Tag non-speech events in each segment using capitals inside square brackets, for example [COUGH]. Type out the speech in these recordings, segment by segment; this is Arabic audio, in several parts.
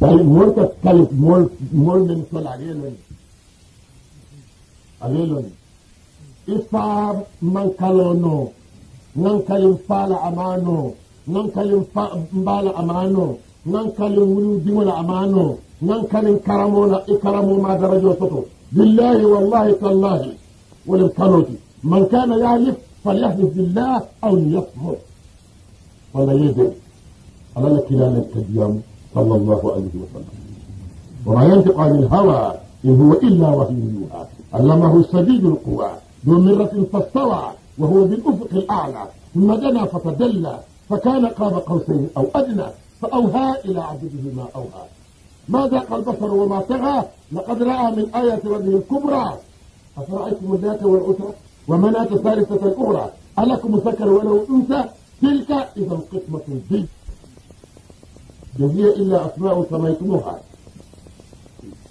بل موت كلف مول مول من كل عليلون عليلون إفار من كلونو نان كلم فال أمانو نان كلم فال أمانو نان كلم ويدمو أمانو نان كلم كرمونا إكرمو ما درجو سطو بالله والله كالله ولمكانوتي من كان يعرف فليحلف بالله أو ليصمت ولا يدعو على لك إلى صلى الله عليه وسلم وما ينطق عن الهوى إن هو إلا وحي يوحى علمه شديد القوى ذو مرة فاستوى وهو بالأفق الأعلى ثم دنا فتدلى فكان قاب قوسين أو أدنى فأوهى إلى عبده ما أوهى ما ذاق البصر وما طغى لقد رأى من آية ربه الكبرى أفرأيتم الذات والعسرة ومناة الثالثة الأخرى ألكم الذكر وله الأنثى تلك إذا قسمة ضيق هي إلا أسماء سميتموها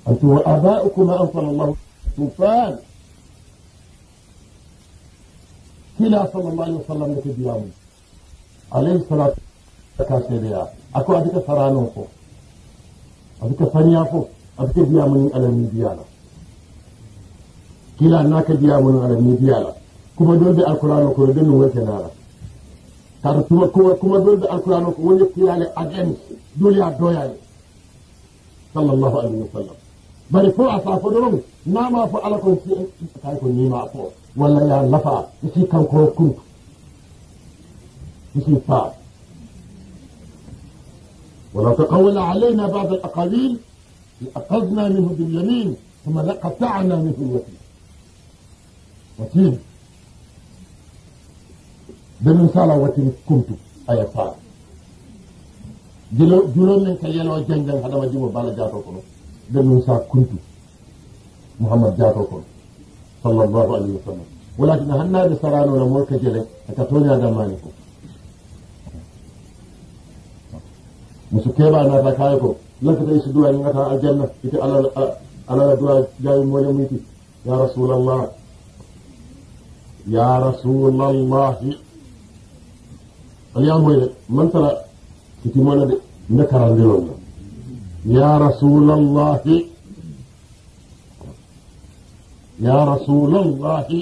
أنتم وآباؤكم ما أنزل الله طوفان كلا صلى الله عليه وسلم لك اليوم عليه الصلاة والسلام أكو أدك فرانوكو أدك فنيافو أدك ديامني على الميديانا كلا ناك ديامني على الميديانا كما دول بي القرآن وكو دي نوال كنارا كما دول بي القرآن وكو ونجب كلا لأجنسي دويا دويا صلى الله عليه وسلم بل فو أصافو درمي ما ما فو ألكم في أتاكم نيما فو ولا يا لفا يسي كم كو كنت يسي فا ولا تقول علينا بعض الأقاليل لأخذنا منه باليمين ثم لقطعنا منه الوتين وتين ده من سالة وتين كنت أي فاضي juróom nañ ka yenoo jeng-jeng hadama jimo bala jaato kono dañu sa kuntu muhammad jaato kono sallallahu alaihi wasallam walakin hannaaɓe saranona mo ka jele aka toñadamani ko muso keɓa nata kaya ko lankata isi duwa ngata aljanna ite alala duwa jawi mole muyti ya rasulallah ya rasulallahi aliyamoyde man tara kitimana de nde karandiron na ya rasulallahi ya rasulallahi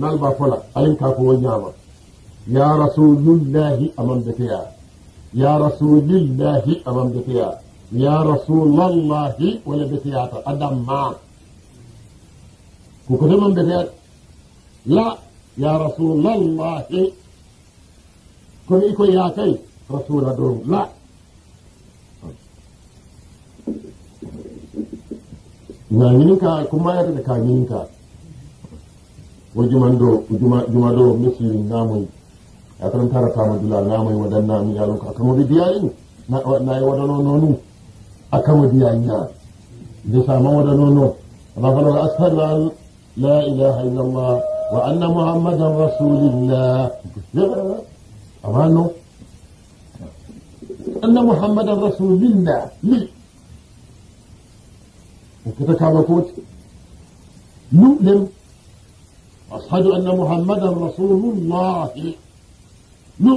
nal ba fola ayin ka ko nyama ya rasulullahi amam de ya ya rasulillahi amam de ya ya rasulallahi wala de ya ta adam ma ku ko man de ya la ya rasulallahi ko ni ko ya kai رسول دروب لا نانينكا كما يرد كانينكا وجمان دروب جمان دروب مسيرين نامي akan tara kama dula namai wadanna mi yalon ka kama bidiyayin na na wadano nonu akama biyanya da sama wadano no amma fa la ashhadu la ilaha illallah wa anna muhammadan rasulullah amma no أن محمد رسول الله لي وكتكالو كوت نؤلم أشهد أن محمدا رسول الله نو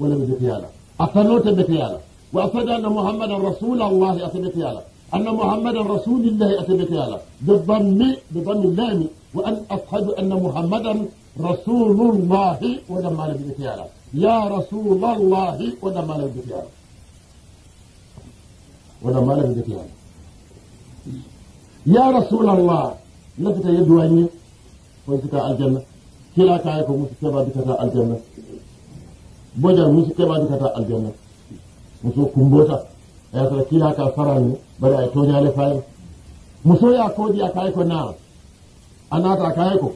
ولا بتيالا أتنوت بتيالا وأشهد أن محمدا رسول الله أتبتيالا أن محمدا رسول الله أتبتيالا بالضم بضم اللام وأن أشهد أن محمدا رسول الله ولما نبتيالا ya rasulallahi wadda malar da fiya wadda malar da fiya ya rasulallah na fita yadda wani ko fita aljanna kila ka yi musu ke ba duka ta aljanna bajar musu ke ba duka ta aljanna musu kumbota ya sara kila ka fara ne bari a yi tonya lafayin musu ya kodi a kayiko na anata kayiko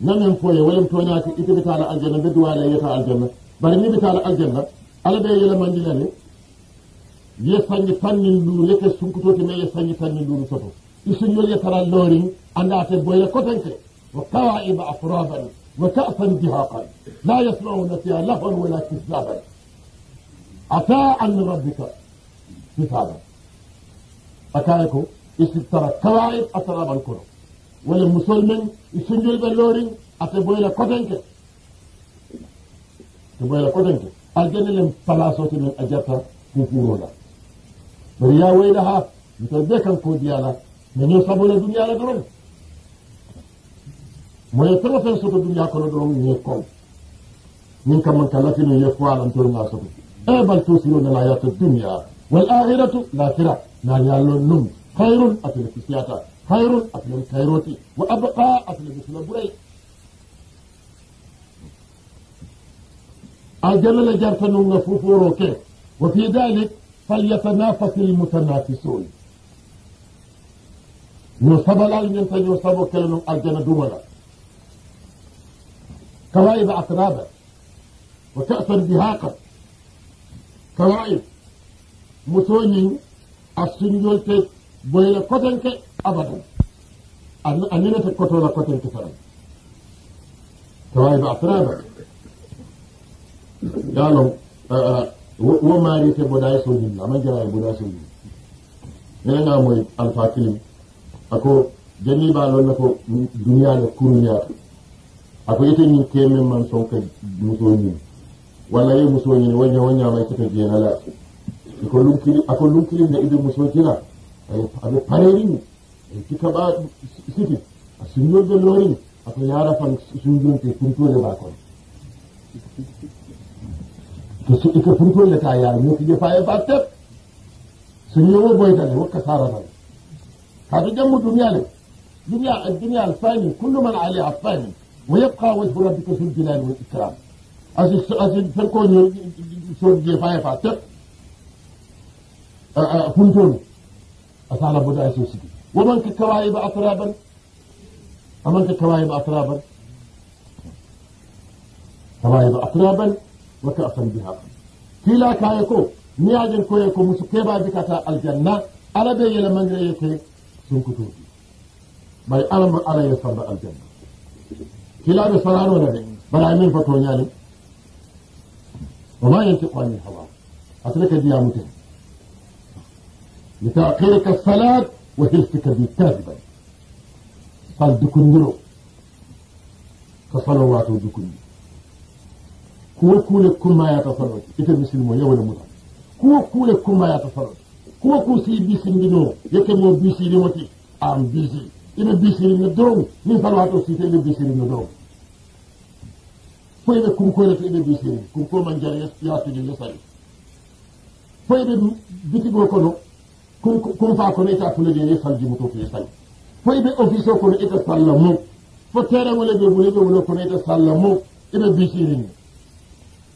لم ينفوي ولم تناتي إذا بتعالى الجنة بدو على يتا الجنة بل ني بتعالى الجنة على بي يلا من جنة يساني فن اللو لك سنكتو تما يساني فن اللو سطو يسنو لك على اللورين أن أعطي بويلة كتنك وكواعب أفرابا وكأسا دهاقا لا يسمعون فيها لهم ولا كذابا أتاء عن ربك مثالا أتاكو يسترى كواعب أفرابا الكرب wala musol men e sinjol ɓe loori ate la kotenke te boyla kotenke aljanna len place ote men a jarta kukurola bari ya wayla ha mito be kan kodiyala ne sabola duniya la doron moye fɛn o fɛn soto duniya kɔnɔ dɔrɔn nin ye kɔn nin ka man kala la ye fɔ a la n toro maa soto e bal to siro na laaya to duniya wal akhiratu tira na yalo num khairun atilakisiyata خير أصل الخيروتي وأبقى أصل مثل بري أجل لجرفن نفوف وروكه وفي ذلك فليتنافس المتنافسون نصب يصاب العلم يصاب كلمة أجل دولا كوايب أطرابا وكأسا بهاقا كوايب متونين السنجول تيك بويلة كوتنكي أبدا أننا في تكتو لكتو انتفاعي توايب أطرابا قالوا وما ريت بناي سوجين أما جرى بناي سوجين نحن موي الفاتلين أكو جني بالو لكو دنيا لكورنيا أكو يتني كيمن من سوك مسوجين ولا يمسوجين ونيا ونيا ما جينا لا أكو لونكلي أكو لونكلي ده إذا مسوجين أبي أبي باريني كتابة سيتي السنجور دي لورين أفو يعرف أن السنجور دي فنطول يباكون تسوئك فنطول لك عيار موكي دي فاية باكتب سنجور بويتاني وكا سارة فاني هذا جمع دنيا لك دنيا الدنيا الفاني كل من عليها الفاني ويبقى وجه ربك في الجلال والإكرام أزل أزل فنكون يسوي جي فاية باكتب فنطول أصعب بدأ يسوي سيتي ومن كوايب أترابا ومن كوايب أترابا كواهب أترابا وكأسا بها كلا كايكو نياجن كويكو مسكيبا بكتا الجنة على بي لمن ريكي سنكتوتي باي ألم على يسر الجنة كلا بسرانو نبي بلا من فتونياني وما ينطق عن الهوى أترك ديامته لتأخيرك الصلاة وحرصك بي كاذبا قال دكن نرو كصلوات دكن كو كولكم ما يتصرف إذا مسلمون يا ولا مطعم كو كولكم ما يتصرف كو كو سي بي سندنو يكمو بي سي لمتي أم بي سي إذا بي سي لمدرو من صلوات سيتي إذا بي سي لمدرو فإذا كم كولك إذا بي سي كم كو من جاري يسياتي لسالي فإذا بيتي بوكونو kun fa kono ita tule je yesal jibuto to yesal foyi be office kono ita sallamu fo tere wala be bule be wala kono ita sallamu ibe bisirin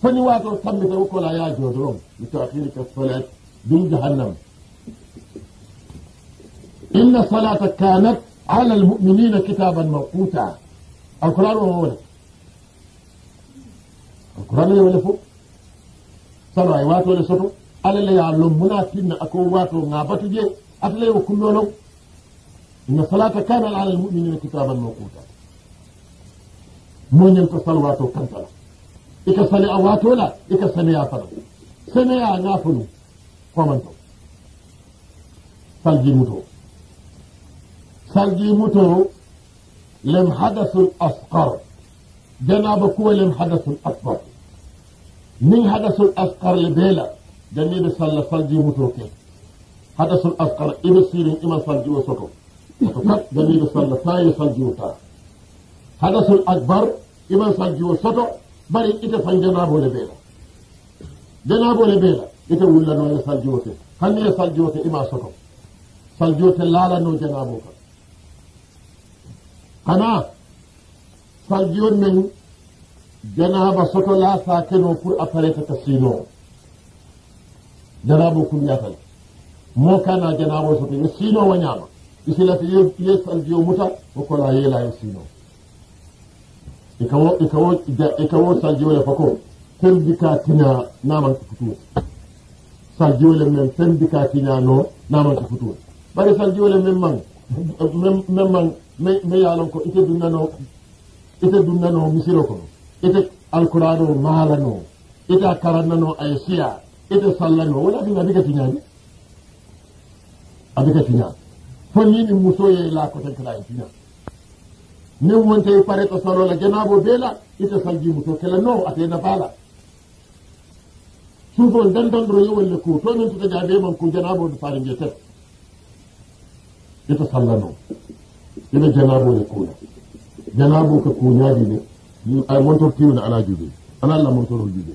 fani wato tammi ko ko la ya jodrom li ta'khir ka salat dum jahannam inna salata kanat ala almu'minina kitaban mawquta alquran wa wala alquran wa wala fu salawatu wa sotu alala ya lon munafiqin ako wato ngabatu je atla yo kullolo inna salata kana ala almu'minina kitaban mawquta moñen ko salwato kantala ika sali a watola ika saneya fana saneya ngafunu komanto salji muto salji muto لم حدث الأصغر جناب كوى لم حدث الأكبر من حدث الأصغر لبيلا جني بسال فالجي متوكي حدث الأذكر إذا سيرين إما فالجي وسطو جني بسال فاي فالجي وطا حدث الأكبر إما فالجي وسطو بري إذا فان جنابه لبيرا جنابه لبيرا إذا ولا نو يسال جوتي هل يسال جوتي إما سطو فالجوتي لا لا نو جنابه أنا فالجيون من جناب سطو لا ساكنو كل أفريق تسينو جنابو كم يفعل مو كان جنابو سوتي يسينو ونعم يسيلا في يس الجيو متى وكلا يلا يسينو إكو إكو إكو سالجيو يفكو تندكا تنا نامن كفتو سالجيو لمن تندكا تنا نو نامن كفتو بعد سالجيو لمن من من من من ما يعلم كو إتى دنيا نو إتى دنيا نو مسيرو كو إتى القرآن نو مهلا نو إتى كرنا نو أيسيا ita sallan wa wala abin abin ka tinya ne abin ka tinya ni muso ye la ko tan kala tinya ne wonte e pare to solo la janabo bela ita salji muso kala no ate na bala sufo dan dan ro yewal le ko to min to ga be man ko janabo do pare je tet ita sallano ita janabo le ko janabo ka ko nyaadi ni ay montor tiwna ala jube ala la montor jube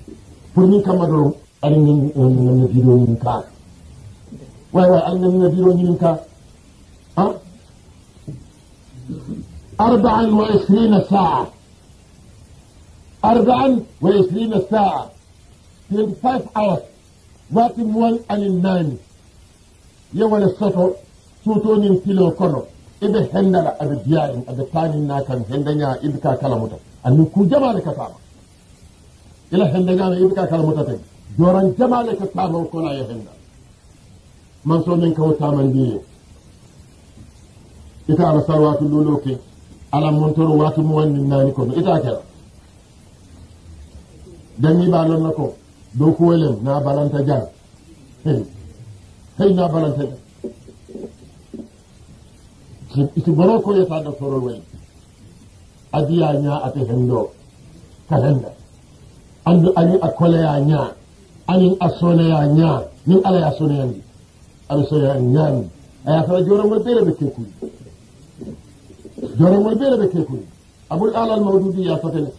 pour ni kamadoro ألم ننزل منك وهو ألم ننزل منك أه؟ أربعا وعشرين ساعة أربعا وعشرين ساعة 25 hours واقم وان المان يوم السطر سوتونين كيلو كرو إذا هندلا أبي ديارين أبي تانين ناكن هندنيا إبكا كلامتا أنو كجمالك تاما إلا هندنيا إبكا كلامتا تاني جۆران جەمالێکە تامە و کۆنایە هێندا منسۆمێنکەوە تامەندیە ئتا لە سەروات لولۆکی ئەلا مۆنتۆر وات موەن نانی کۆم ئتاکە دەنگی بالۆ نەکۆ دۆکوێلم نابەلەنتە جان هەی نابەلەنتە جان iti boro ko yata da foro wai adiya nya ate hendo kalenda andu ani أني أكولي nya ani asone ya nya ni ala ya asone yangi ala so ya nya ni aya fa joram mo bere be keku joram mo bere be keku abul ala al mawdudi ya fatene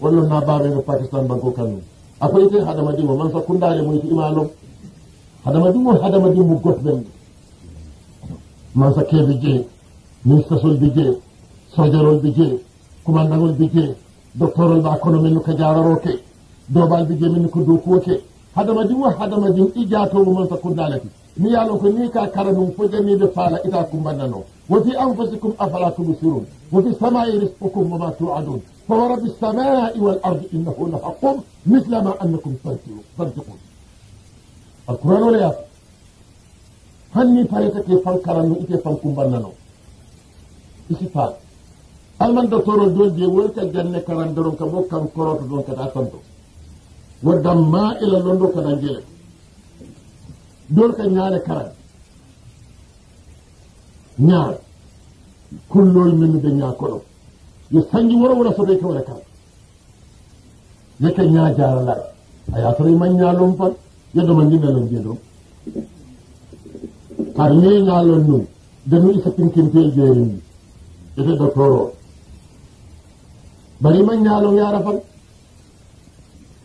wallo na babe no pakistan banko kanu akwai te hadama dimo man fa kundare mo ti imalo hadama dimo hadama dimo got ben man sa kebe je minista sol bi je sojarol bi je kumandagol bi je doctorol ba kono men ko roke ke dobal bi je men ko dokuwo ke هذا ما جوا هذا ما جم إجا كل من تقول دالتي ميالو كنيكا كرنم فجمي بفالا إذا كم بنانو وفي أنفسكم أفلا تبصرون وفي سماء رزقكم وما توعدون فورب السماء والأرض إنه لحق مثل ما أنكم تنطقون القرآن ولا يأتي هل من فريتك يفن كرنم إجا فن كم بنانو إيش فعل هل من دكتور الدول دي ويتجنة كرنم دروم كبوكا مكورو تدون كتاتندو waddamma ila londo ko dangele dol ka ñaare karan ñaar kullol min de ña koɗo yo sanji woro wona sobe ke wona karan yeke ña jaralar a yatoro man ñalon fan yedoma ndimelon jeedom par ni ñalon nun denu isa pinkintel jeerin ni ete docteur o bari man ñalon yara fan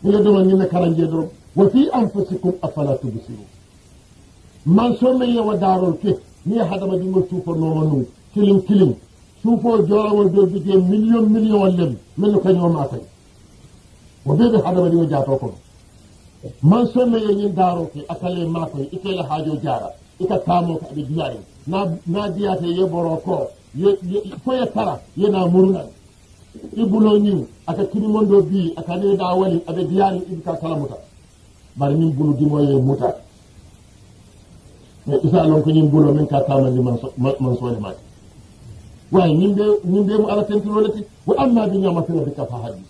يدرى من كرن يدرى وفي أنفسكم أفلا تبصرون من سمى ودار الكه مي حدا ما بيقول شوف النورانو كلم كلم شوفوا جوا وجو بيجي مليون مليون ولم من كان يوم عتي وبيد حدا ما بيقول جاتوكم من سمى يين دار الكه أكل ما كوي إكل حاجو جارا إك تامو كبي جاري نا نا دياتي يبروكو ي ي كوي ترى ينامورنا i aka aka kirimondo bi aka ne da wani aɓe biyani in ka kala muta bari min bulu dimoye muta ne isa lon ko ñin bulo min ka tamandi man soode ma wai ñin ɓe ñin ɓe mu ala tentinole ti wa amma bi ñamati rabbika fa haddi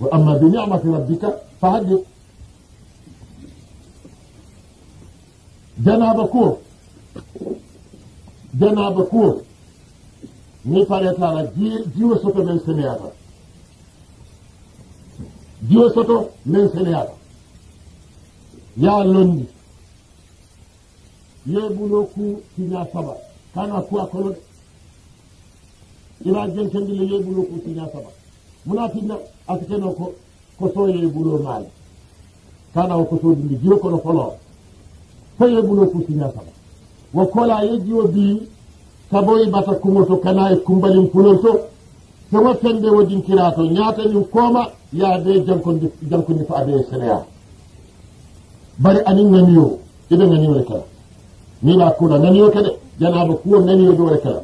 wa amma bi ñamati rabbika fa haddi janaba ko janaba ko непорядково. Диосото менсемиата. Диосото менсемиата. Я лонди. Ye bulo ku tinya saba. Kana ku akono de. Ira jenkendi le ye bulo ku tinya saba. Muna tinya atikeno ko koso ye bulo mali. Kana o koso dindi jiyo kono folo. Fa păi ye bulo ku tinya saba. Wakola ye jiyo bii saboyi basa kuŋol to kana e kumbalin pulol to sewo tende wodin kira to koma ya yaade jankondi jankondi fa abe sénéya bari anin ŋaniyo iɓe ŋaniyo le kala miɓa kula ŋaniyo ke de janaba kuwo ŋaniyo ɗo le kala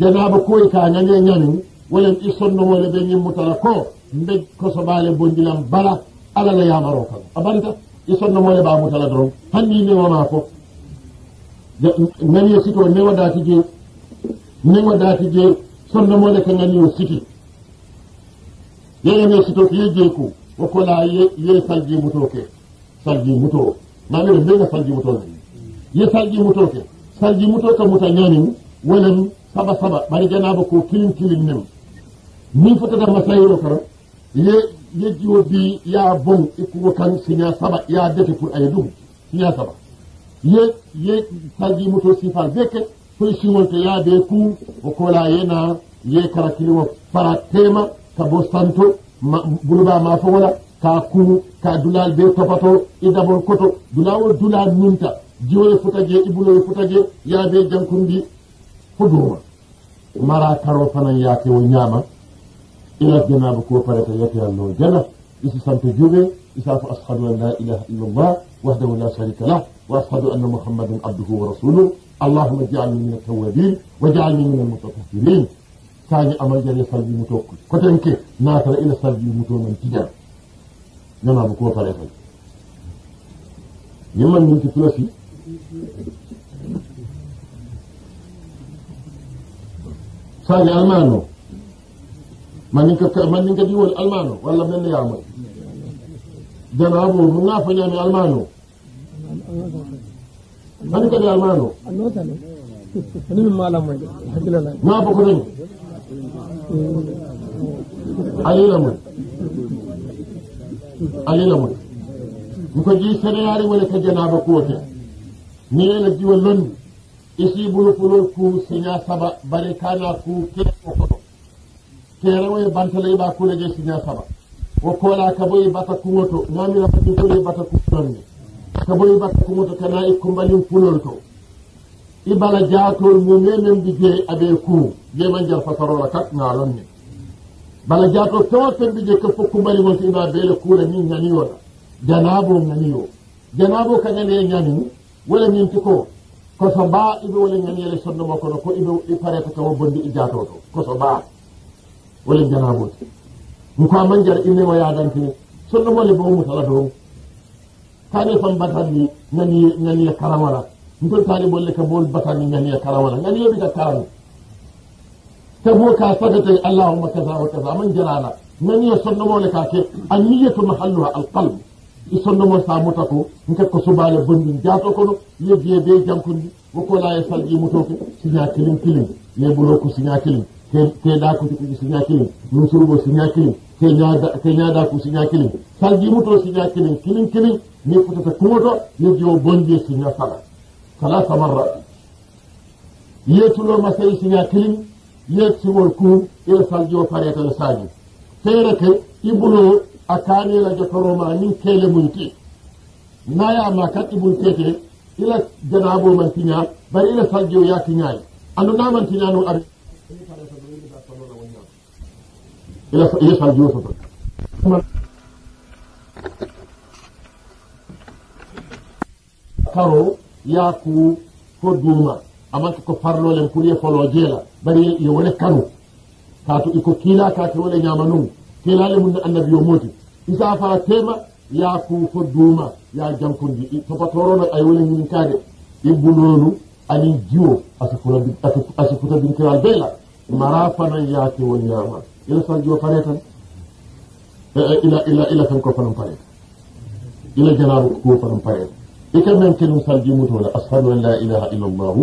janaba kuwoy ka ŋaniye ñanin wolen i sonnowole ɓe ñimmutala ko mbe kosoɓale bondilan bala ala la yamaro kan a barita i sonnomole ɓa mutala doron hanni newama ko ŋaniyo sito newa datiji ni ma niŋ wo daati jee sondomoo le ka ŋaniyo siti yeŋe me sito ko ye jee ko wo ko laa ye ye salji mutoo ke salji mutoo maamire mbe nga salji mutoo nani ye salji mutoo ke salji mutoo ka muta ñaaniŋ wo lem saba saba bari ba ko kiliŋ kiliŋ nem niŋ fotata masayiro kono ye ye jiwo bi ya bon ko kan siña saba ya dete pour aye dugu siña saba ye ye salji mutoo sifal bee ke كل شيء وانت يا ديكو وكولا ينا يكرا كلمة فراتيما كبوستانتو ما بلوبا ما فولا كاكو كدلال بيتو فاتو إذا بول كتو دلال دلال نمتا جيوه فتاجي إبولو فتاجي يا بي جنكم دي فدوما مرا كارو فانا ياكي ونياما إلا جناب كو فريتا ياكي اللو جنة إسي سانتو جوغي إسافة أشهد أن لا إله إلا الله وحده لا شريك له وأشهد أن محمد عبده ورسوله اللهم اجعلني من التوابين واجعلني من المتطهرين ثاني امر جري صلي متوك كتنك ما ترى الى صلي متو من تجا نما بكو فريق يمن من تفلسي ثاني المانو من نك من نك ديول المانو ولا من اللي يعمل جنابه من نافع يعني المانو barka da amano ni min malam mai hakila na ma ba kudin alila mun alila mun muko ji sarayari wala ka janaba ko ta ni ne ji wallon isi bulu fulo ku sinya saba bare kana ku ke ko kere wai bantale ba ku ne sinya saba ko kola ka boy bata ku moto ngami na bata ku sabu bat batta kumoto kana i kumbalin fulol to i bala jaatol mumenen di abe jar fasarola kat ŋaalon ne bala jaato fewo fen di je ke fo kumbaliwol to ima beele kuula min ŋaniyola janabo ŋaniyo janabo ka ŋanee ŋani wala ñinti ko koso baa ibe wala ŋaniyele sondomo kono ko ibe i pareta kawo bondi i jaato to koso baa wala janabo ti nko man jar bo tare fam batandi nani nani ya karamala ntol tare bolle ka bol batandi nani ya karamala nani yobi ka karam ta bo ka ta allahumma kaza wa kaza man jalana nani ya sonno mo le ka ke anniyatu mahalluha alqalb i sonno mo sa muta ko nka ko subale bondi jato ko ye biye be jankundi wo ko la ya salji muto ko sinya kilim kilim ye bulo ko sinya kilim ke da ku ci sinya kilim nusuru bo sinya kilim ke nya da ke nya da ku sinya kilim salji muto sinya kilim kilim kilim ليفتتكوتو يجيو بوندي سينيا صلاة ثلاث مرات يتلو مساي سينيا كلين يتسو الكوم يرسل جو فريق الساجي سيرك يبلو أكاني لجفرو ما من كيل منتي نايا ما كتب الكيكي إلى جنابو من تنيا بل إلى سجيو يا تنياي أنو نامن تنيا نو أبي إلى سجيو سفر karo yaku ko duma amanke ko parlolen kulie folo jeela bari yo wole kanu kaatu iko kiila kaake wole ñaama nun kiilale mum annabi yo mooti isa faa tema yaku ko duuma ya jankondi topatorono ay wole ñinkaade ibbu noonu ani jiwo asi futabinkiral beyla mara fanan yaake won ñaama ila san jiwo pare tan ila ila ila tan ko fanan pare ila janaaru ko fanan pare يكمل كلمة ترجمة هنا أشهد أن لا إله إلا الله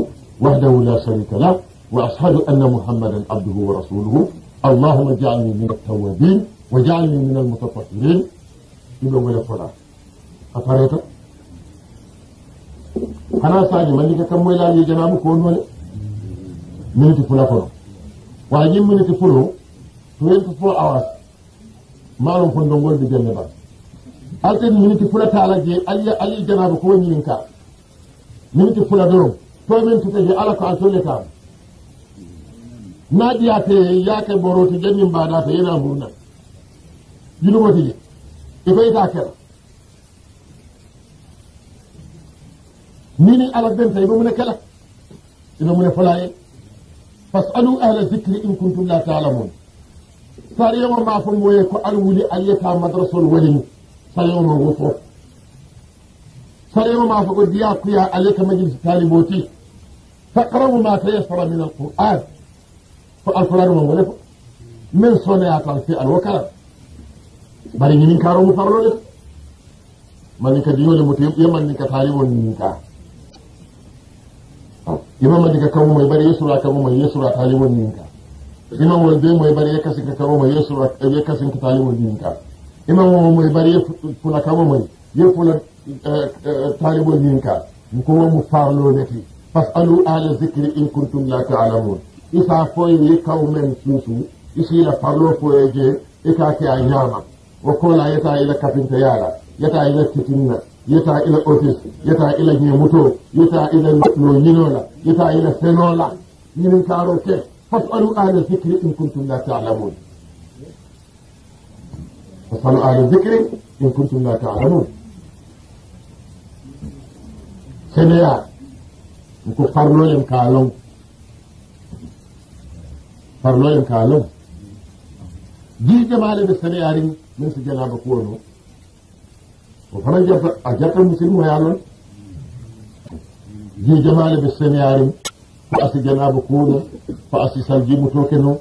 وحده لا شريك له وأشهد أن محمدا عبده ورسوله اللهم اجعلني من التوابين واجعلني من المتطهرين إلى ولا فلا أفريت أنا ساجي من لك كم ولا لي جنابه كون ولا من تفلا فلو واجي من تفلو 24 hours ما لهم دون ولد جنبه alteni miniti fula taala je aliya ali janaaba ko woni ka miniti fula dorom to men tuta je ala ko altolle ka na diya te yake boroti jannin bada te yana burna yinu wati je e ko ita kera nini ala ben tay bo mun kala ina mun fulaye fasalu ahla dhikri in kuntum la ta'lamun sariya ma fa moye ko alwuli aliyata madrasul walini ma wofo salimu ma fogo diya kuya aleka majlis taliboti taqrabu ma tayassara min alquran fa alquran ma wala fa min ta fi alwakala bari min karo mu farlo de mani ka yole mo tem yeman ni ka talibon ni ka imam mani ka kamu mai bari ra kawo mai yesura talibon ni ka imam wal be mai bari ya kasin ka kawo mai ya kasin ka talibon ni ka imam mo bari fula kama mo ye fula talibol min ka ko mo farlo neti fasalu ala zikri in kuntum la ta'lamun isa foy ni kawmen susu isi la farlo foye je ita ke a nyama wa kola yata ila kafinta yara yata ila titinna yata ila office yata ila nyemuto yata ila no nyinola yata ila senola nyinin karo ke fasalu ala zikri in kuntum la ta'lamun माने इन कमु कयूं कलजमारी मुंहिंजी जनबक فأسي جناب जा فأسي سلجي متوكنو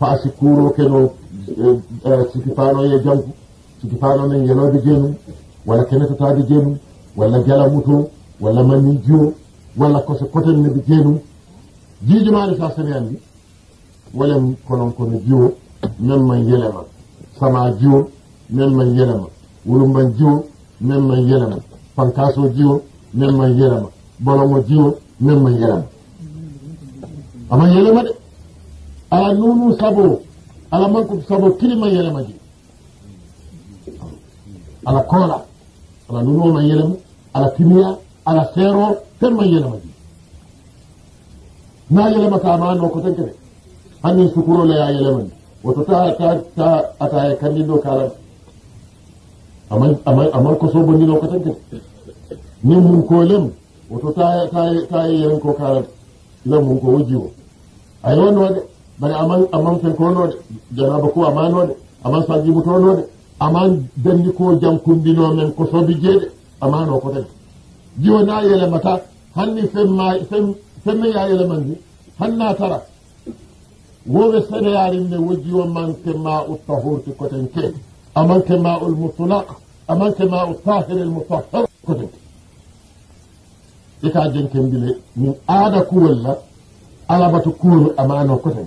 فأسي كورو كنو siki a jawgu siki faano men yelode jeenum walla kenetotade jeenum walla jalamuto walla manni jiyo walla koso kotel nede jeenum jiijumaade sa sene anndi walem konon kono jiwo men man yelema sama jiwo men yelema wulumban jiwo men yelema pankaso jiwo men yelema bolongo jiwo men yelema ama yelema de ala nunu saboo ala manko sabo kilima yelema ji ala kola ala nunoma yelema ala kimia ala seero tenma yelema ji na yelema ka maano ko tan kene hannin sukurole ya yelemani woto ta ta ta ataye kandindo kalan aman aman aman ko sobondino ko tan kene nin mun kolem woto ta ta ta yelen ko kalan ila mun ko wajiwo ayi wonno de bari aman aman fen ko node janaba ko amanode aman sajibu to a aman danni ko jam kumbino men ko sobi jeede o ko tan jona yele mata hanni femma femme ya yele manji hanna tara woɓe seneyarinne wojji man ke ma u tahurti koten ke ke ma ul mutlaq ke ma u tahir el mutahhar koten ke ita jenken bile min aada kuwalla la alabatu kuru amano ko ke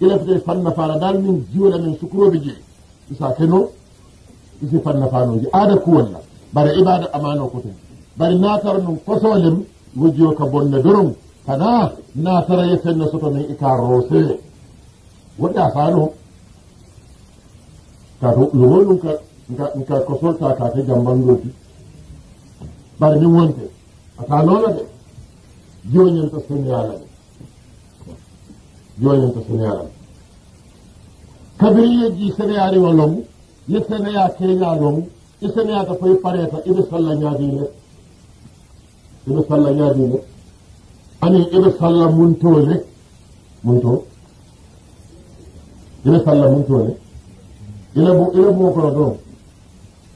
ilafte fanna fara dal min jiwla min sukuroɓe je isa keno isi fanna ada aada kuwalla bara ibada amano koten bari natar num kosolem wujjo ka bonna durum kana natara ye fenne soto min ika roose woɗɗa fano kato lowonum ka nka ta kake jambangoti bari min wonte ata noona de jiwoñenta soñalade joyonta kabiriji seneyaari wa lomu ye seneya keña lomu i seneyata foye pareta ibe salla ñaadine ibe salla ñaadine ani ibe salla muntole munto ibe salla muntole ila bu ila bu kono dorom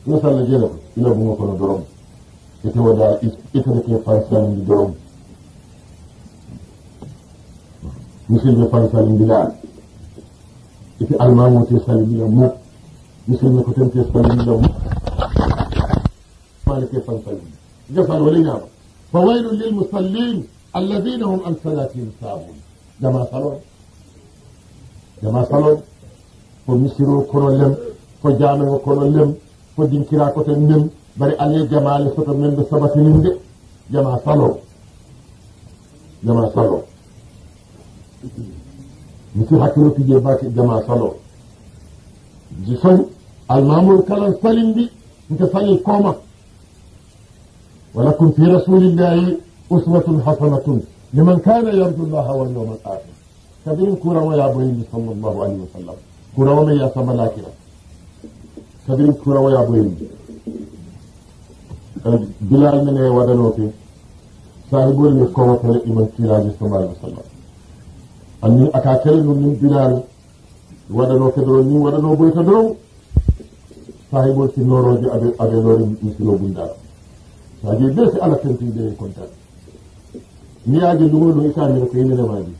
ila salla jele ko ila bu kono dorom ite wada ite ke fansalandi dorom مثل نفان سالم بلال إتي ألمان موتي سالم بلال مو مثل نفان سالم بلال مو مالك يفان سالم جسد ولينا فويل للمصلين الذين هم عن صلاتهم ساهم جما صلون جما صلون فمسروا كرولم فجامعوا كرولم فدين كرا كتن نم بري علي جمال فتن نم بسبت نم جما صلون جما صلون misi hakkilo pije baki jama salo ji soñ almamur kalan salindi nte sañi kooma ولكم في رسول الله أسوة حسنة لمن كان يرجو الله واليوم الآخر كبير كورا ويا بوين صلى الله عليه وسلم كورا ويا سملاكرا كبير كورا ويا بوين بلال من ودنوتي صاحبوا صاحبون يسكوة لإمام كيرا صلى الله عليه وسلم أن أتاكلن من جلال ودنو كدرون ني ودنو بوي كدرون فهي بول سي نورو دي أبي أبي نورو مسلو بندار فهي بيس على تنتي دي كونتان ني آجي نمو نمو إسان من قيمة نمادي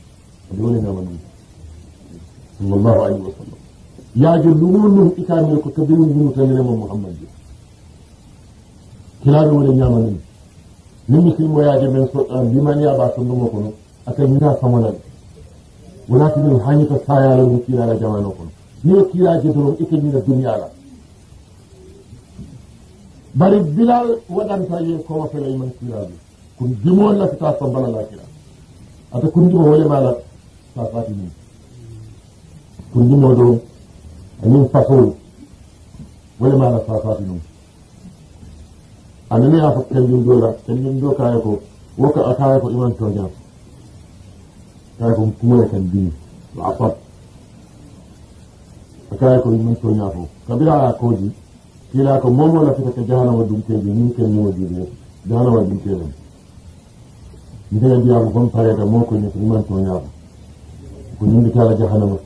أدوني نمو صلى الله عليه وسلم يا جل نمو نمو إسان من كتبين من تنين من محمد كلاد ولا نمو نمو نمو سلمو يا جل من سلطان بمن يا باسم نمو كنو أتمنى سمو wonati ɗum hañita sayala ɗum kiilala jamano kono yo kiilaji doron ikenmina duniyala bari bilal waɗanta ye kowa felay man kiilaɓe kon dimo lasita so bala lakira ata kon dimo wolemala sa fati mum kon dimo ɗo anin fasol wolemala sa fati mum anani a ya fo kañum ɗola kañum ɗo kaye ya ko woka a kaye ya ko iman toñako koya la asar akaye ko ɗum men toñaako kabila kooji kiila ko momo lafita ko jahanama ɗum keeji min ken nimo juude jahanama ɗum keeɗen ndene mbiyako bon pareede mo ko ñeto ɗumen toñaako ko ñimbitaala jahanama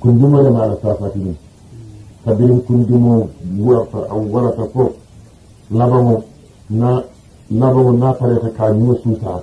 ko ndimolema ala safati ɗum kabirin ko ndimo wurata aw warata fof labamo na labamo na pareete ka ñiwo suutaa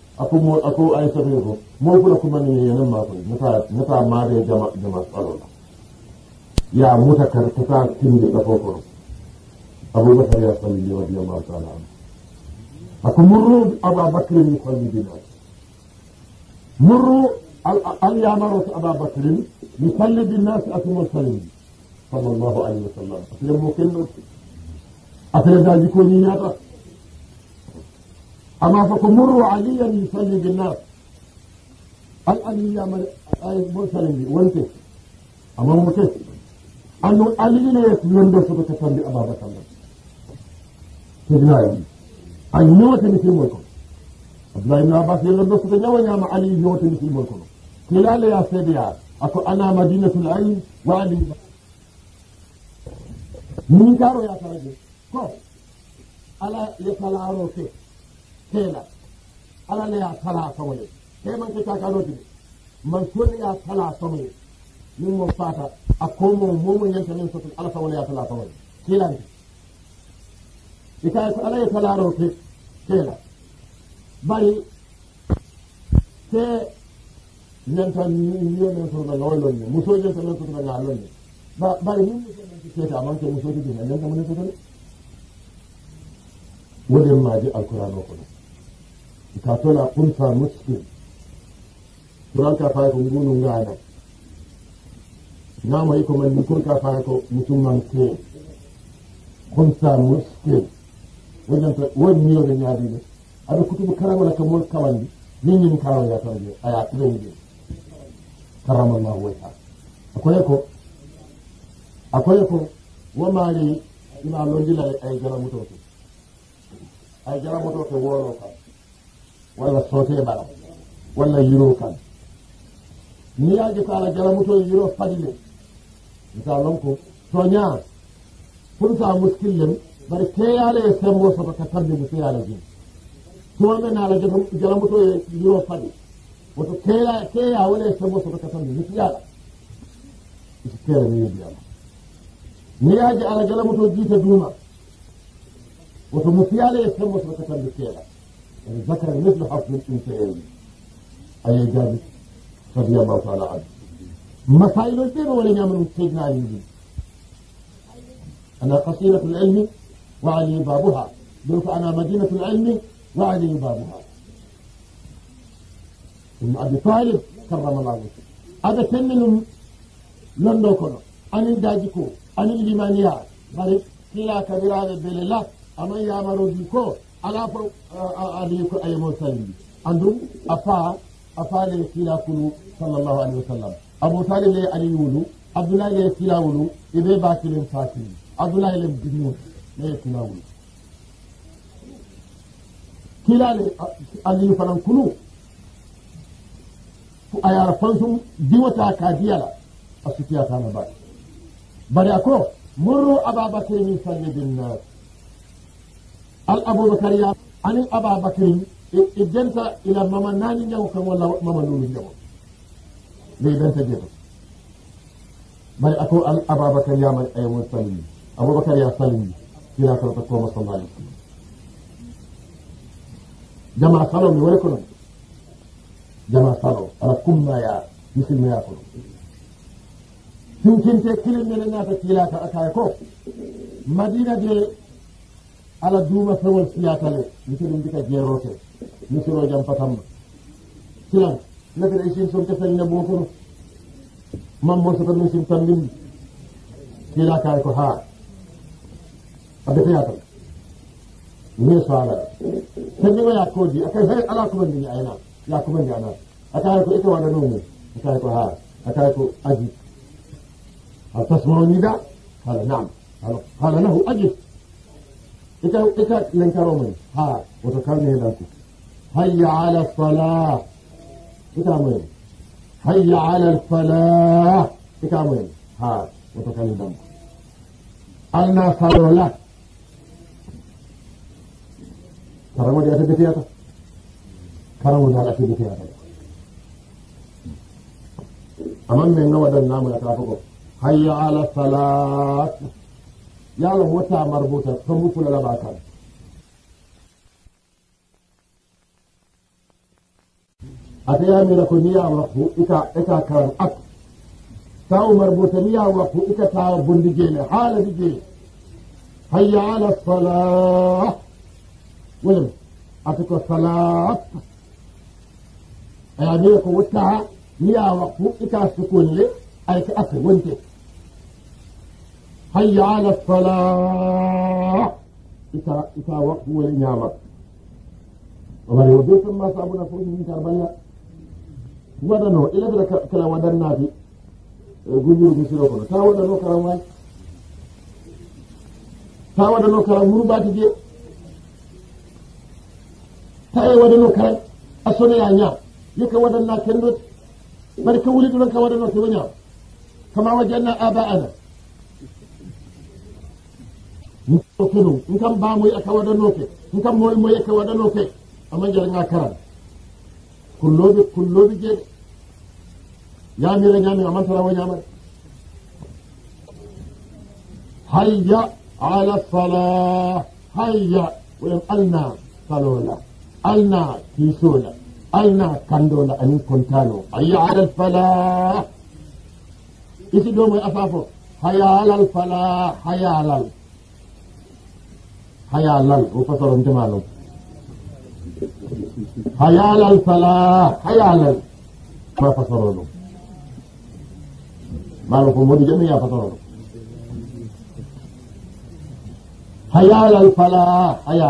aku aku ay sabi ko mo ko ko man ni yana ma ko mata mata ma da jama jama tsaro ya muta kar ta ta kin da ko ko abu bakar ya salli ne wa jama'a ta'ala aku murru abu bakar ni ko ni dina murru al ya maru abu bakar ni salli bin nas akum salli sallallahu alaihi wasallam aslan mu kin aslan da ji ko ni ya ta أما فقل مروا عليا يصلي بالناس الآن يا آه، مر أي مرسلين وانت أما مرسل أنه الذين يسلون بسوء تصلي أبا بكر تجنائي أي نوت مثل ملكم عبد الله بن يلا بس تجاوى يا علي نوت مثل ملكم خلال يا سيدي أكو أنا مدينة العين وعلي من كارو يا ترجي كو على يطلع روكي kela ala ne ya tala sama ye man ke ta ka no tibi man ko ne ya tala sama ye ni mo fata a ko mo mo mo nyanta ne sotu ala sama ne ya tala sama ye kela ni ita ko ala ya tala ro kela bari ke nyanta ni ni ne so na lo ni muso nyanta ne sotu na lo ni ba bari ni muso ne ke ta man ke muso ti ne nyanta ne sotu ne wajen maji alkurano kuma k a t o w a na fursa muslim turanka fayko ngunu ngana nama iko man nikurka fayko mutumman ke k u r s a muslim w a j a n ta wani miyo da nyadi ne a da kutubu karama l a k a m a l kawandi n i n yin kawai ya tarje a ya tuzo ne karama ma wata akwai ko akwai ko wa mari ina lojila ay jara mutoto ay jara mutoto woro kan walla sooteeɓaram walla yiro kan niyaaji ko ala gala muto yiro fadi le misa lon ko toñaa pour sa muskillem bare keyaale e sembo soto ka tarde mo seyaala jin tuma men ala gala muto e yiro fadi woto keya keya wala e sembo soto ka tarde mo seyaala isi keere mi yebiyama niyaaji ala gala muto jiita duuma woto mo seyaala e sembo soto ka tarde seyaala ذكر مثل حكم الانسان أي جابر رضي الله تعالى عنه مسائل الدين ولم من سيدنا علي أنا قصيرة العلم وعلي بابها قلت أنا مدينة العلم وعلي بابها ابن أبي طالب كرم الله وجهه هذا كمل لم نكن عن الداجكو عن الإيمانيات بل كلا كبيرة بالله أما يامر بكو alafo aliku ayemo salli andum afa le kila kulu sallallahu alaihi wasallam abu talib le ali wulu abdullahi le kila wulu ibe ba kilen fati abdullahi le bidino le kila wulu kila le ali falan kulu fu ayara fansum diwata ka diyala asutiya ta na ba bari ako muru ababa min salli bin nas الأبو زكريا عن أبا بكر إجنت إلى ماما ناني نيو كم ولا ماما نوني نيو لي بنت جيتو بل أكو أبا بكر يا من أيوة سلمي أبو بكر يا سلمي إلى صلاه كوما صلى الله عليه وسلم جمع صلوا من ويكنا جمع صلوا أنا ما يا مثل ما يأكلوا يمكن تكلم من الناس كيلاك أكايكو مدينة دي على دوما فول سياتل مثل انت جيروت مثل جام فتام سلا لكن ايشين سوم تفني بوكو مام مو سوتو مي سيم تامين سلا كاي كو ها ابي فياتل مي سوالا تنيو يا كودي اكاي هي الا كوبن دي اينا يا كوبن دي انا اكاي كو ايتو وانا نومو اكاي كو ها اكاي كو اجي هل تسمعني ذا؟ قال نعم قال له اجل انت انت لن ترومن ها وتكرم هيا على الصلاه انت على الفلاح انت امين ها وتكرم هناك انا فرولا كرمو دي اتبت يا كرمو دي اتبت يا ترى من نوع دنا ملاكا فوق هيا على الصلاه يا يالله وتا مربوطة فموت ولا باكر كان أتيا ملكو نيا وقفو إتا إتا كان أك تاو مربوطة يا وقفو إتا تاو بندجين حالة بجين هيا على الصلاة ولم أتكو الصلاة أيا ملكو وتاها نيا وقفو إتا لي أيك أكل وانتك حي على الصلاة إسا إسا وقت والإنيامة ومن يوضي ثم سابنا فوق من كربلا ودنو إلا بلا كلا ودنا في gujuru misiro kono ta waɗano karam way ta waɗano karam hurbati je tawi waɗano karam a sonoya ña yeka waɗanna kendote bari ka wuli ɗuɗon ka waɗano tewo ñam kama wajanna aba ana mutokenu nkam ba moy aka wadano ke nkam moy moy aka wadano ke amma jar nga karam kullobe kullobe je ya mi ra nyami amma tara wa nyama hayya ala salah hayya wa alna salola alna kisola alna kandola ani kontano hayya ala falah isi do moy afafo hayya ala falah hayya ala حيا وفصل جماله حيا الفلاح حيا ما فصل له ما لكم جميع فصل له حيا الفلاح حيا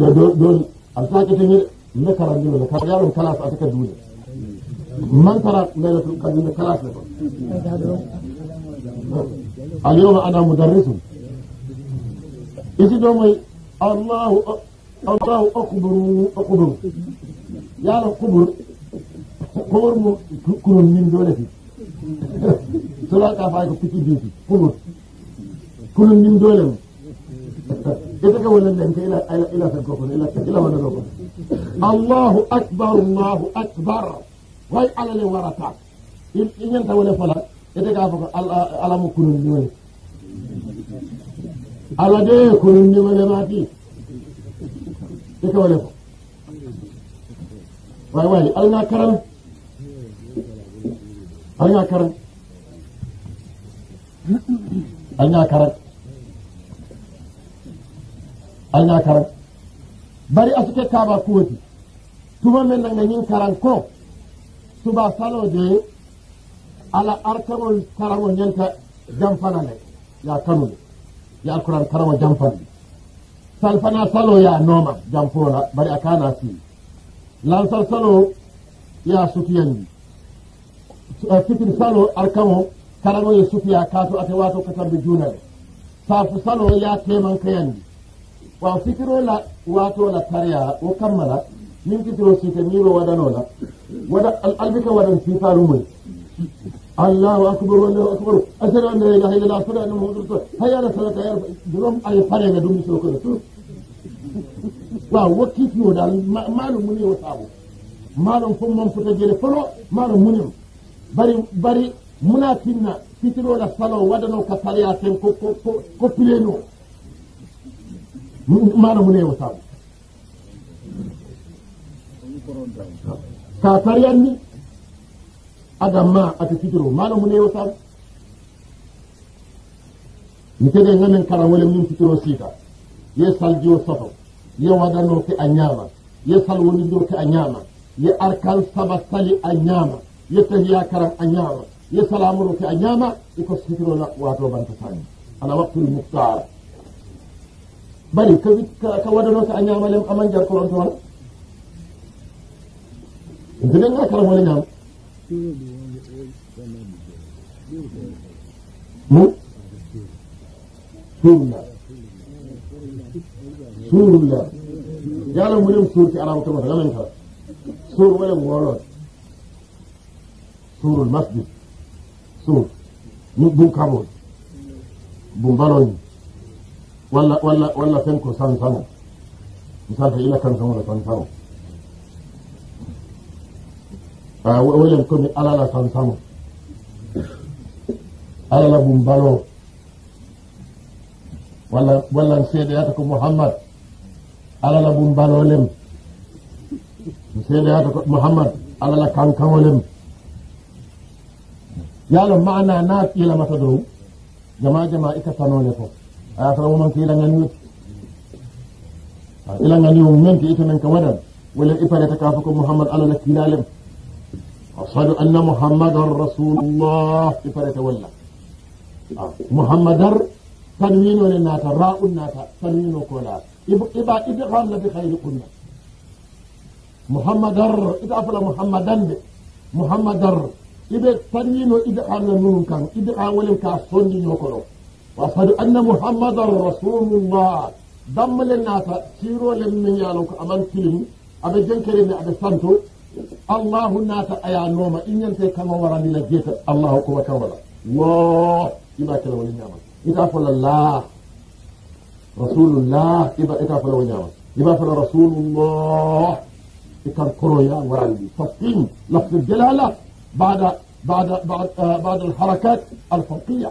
دول دول أرسلت نكرا دينا كريان كلاس أتك دولا من ترى ليلة القدر كلاس اليوم أنا مدرس إذا دومي الله أ... الله أكبر أكبر يا قبر قبر كل من دولتي [LAUGHS] سلاك فايك بتيجي قبر كل من دولتي إلى ولا أنت إلى إلى إلى الركن إلى إلى ولا الركن الله أكبر الله أكبر واي على لي ورطاك إن أنت ولا فلا إذا كافك على على مكون النوي على ده كون النوي ما في إذا ولا فلا واي واي أنا كرم أنا كرم أنا كرم an ya karan bari a suke kaba kowace tuma mai nanga yin karan ko suba salo je ala arkamol karamo ñanta jamfana ne ya kanule ya karamun karamo ne salfana salo ya noma jamfona bari a kana si lansar salo ya a fitin salo arkamo karamo ye kasu kato ta wato kasar juna ne safu salo ya teman kayandi wa sikiro la wato la tariya o kammala min kitiro sike miro wadano la wada albika wadan sifalu mun allahu akbar wallahu akbar ashhadu an la ilaha illallah ashhadu anna muhammadur rasul hayya ala salati ya durum ay fare ga dum so ko wa wakiti yo dal malum mun yo tabu malum fo mom fota jere folo malum mun bari bari munatinna kitiro la salo wadano ka tariya ten ko ko ko pileno maanaam mu neewo saabu ka tariyanni aga ma ata fitiro maanaam mu neewo saabu mi tege ngamen kala wole min fitiro siita ye saljiwo soto ye waɗano ke a ñaama ye salwonidiro ke a ñaama ye arkan saba sali a ñaama ye tahiya karan a ñaama ye salamuro ke a ñaama iko fitiro la wato banta sani ala waqtul muhtar bari ka ka wadano ka anya malem aman jar ko onto ngene nga kala wala nyam mu sunna sunna yalla mu dem sur ci arab ko wala lañ ka sur wala wolo surul masjid sur mu bu kabon bu balon ولا ولا ولا تنكو سان سان مثال في إلا كان سان سان آه، سان ويلم كومي ألا لا سان سان ألا لا بمبالو ولا ولا سيدياتكم محمد ألا لا بمبالو لم سيدياتكم محمد ألا لا كان كان لم يالو معنى ناس إلا ما تدرو جماعة جماعة إكتانو لفو أفرو من كيلا نانيو إلا نانيو من كي إتمن كودا ولا إفادة تكافكم محمد على لكيلالم أشهد أن محمد رسول الله إفادة تولى آه. محمد تنوين للناس راء الناس تنوين كولا إبا إدغام بخير قلنا محمد إذا أفلا محمدا محمد إذا تنوين إدغام نون كان إدغام ولم كاستون يوكلو واشهد ان محمدا رسول الله دم للناس سيروا لمن يالوك امان كلم جنكر جنكرين ابي سانتو الله الناس ايا نوما ان ينتهي كما وراني لجيت الله كما كولا الله يبا كلا ولي نعم فل الله رسول الله يبا يبا فل ولي إبا يبا فل رسول الله يكن كرويا وراني تفصيل لفظ الجلاله بعد بعد بعد, آه، بعد الحركات الفرقيه